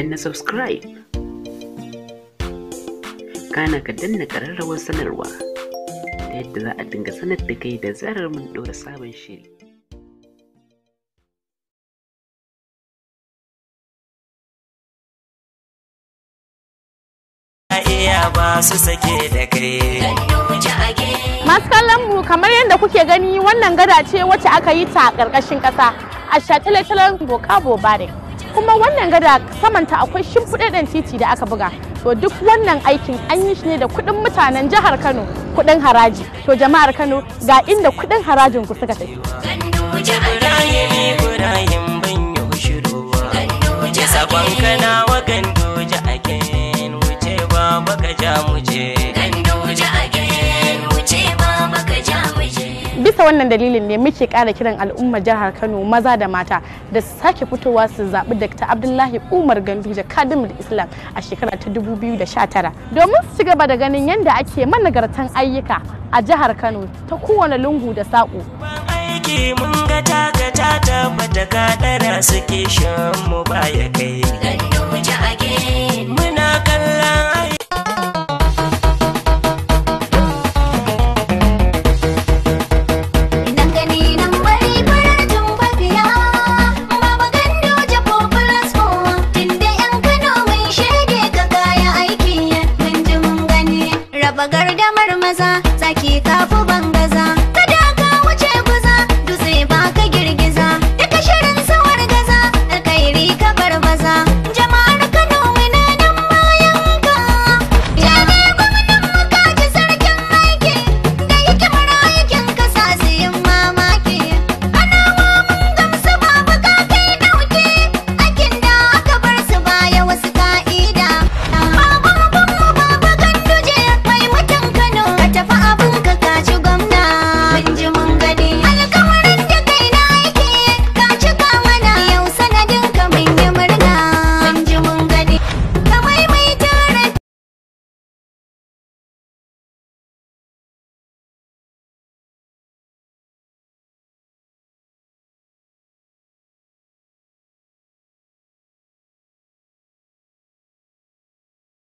danna subscribe kana ka danna ƙararrawar sanarwa ta yadda za a dinga sanar da kai da zarar mun ɗora sabon shiri Masu kallon mu kamar yadda kuke gani wannan gada ce wacce aka yi ta ƙarƙashin ƙasa a shatilatilan Boka bobarik kuma wannan gada samanta akwai shimfiɗaɗɗen titi da aka buga to duk wannan aikin an yi shi ne da kuɗin mutanen jihar kano kuɗin haraji to jama'ar kano ga inda kuɗin harajin ku suka tafi bisa wannan dalilin ne muke ƙara kiran al'ummar jihar Kano maza da mata da sake fitowa su zaɓi Dr. Abdullahi Umar gandu Kadimul Islam a shekara ta 2019 domin su cigaba da ganin yadda ake managartan ayyuka a jihar Kano ta kowane lungu da saƙo. mun ga ta tabbata suke shan mu baya kai. raba gardamar maza zaki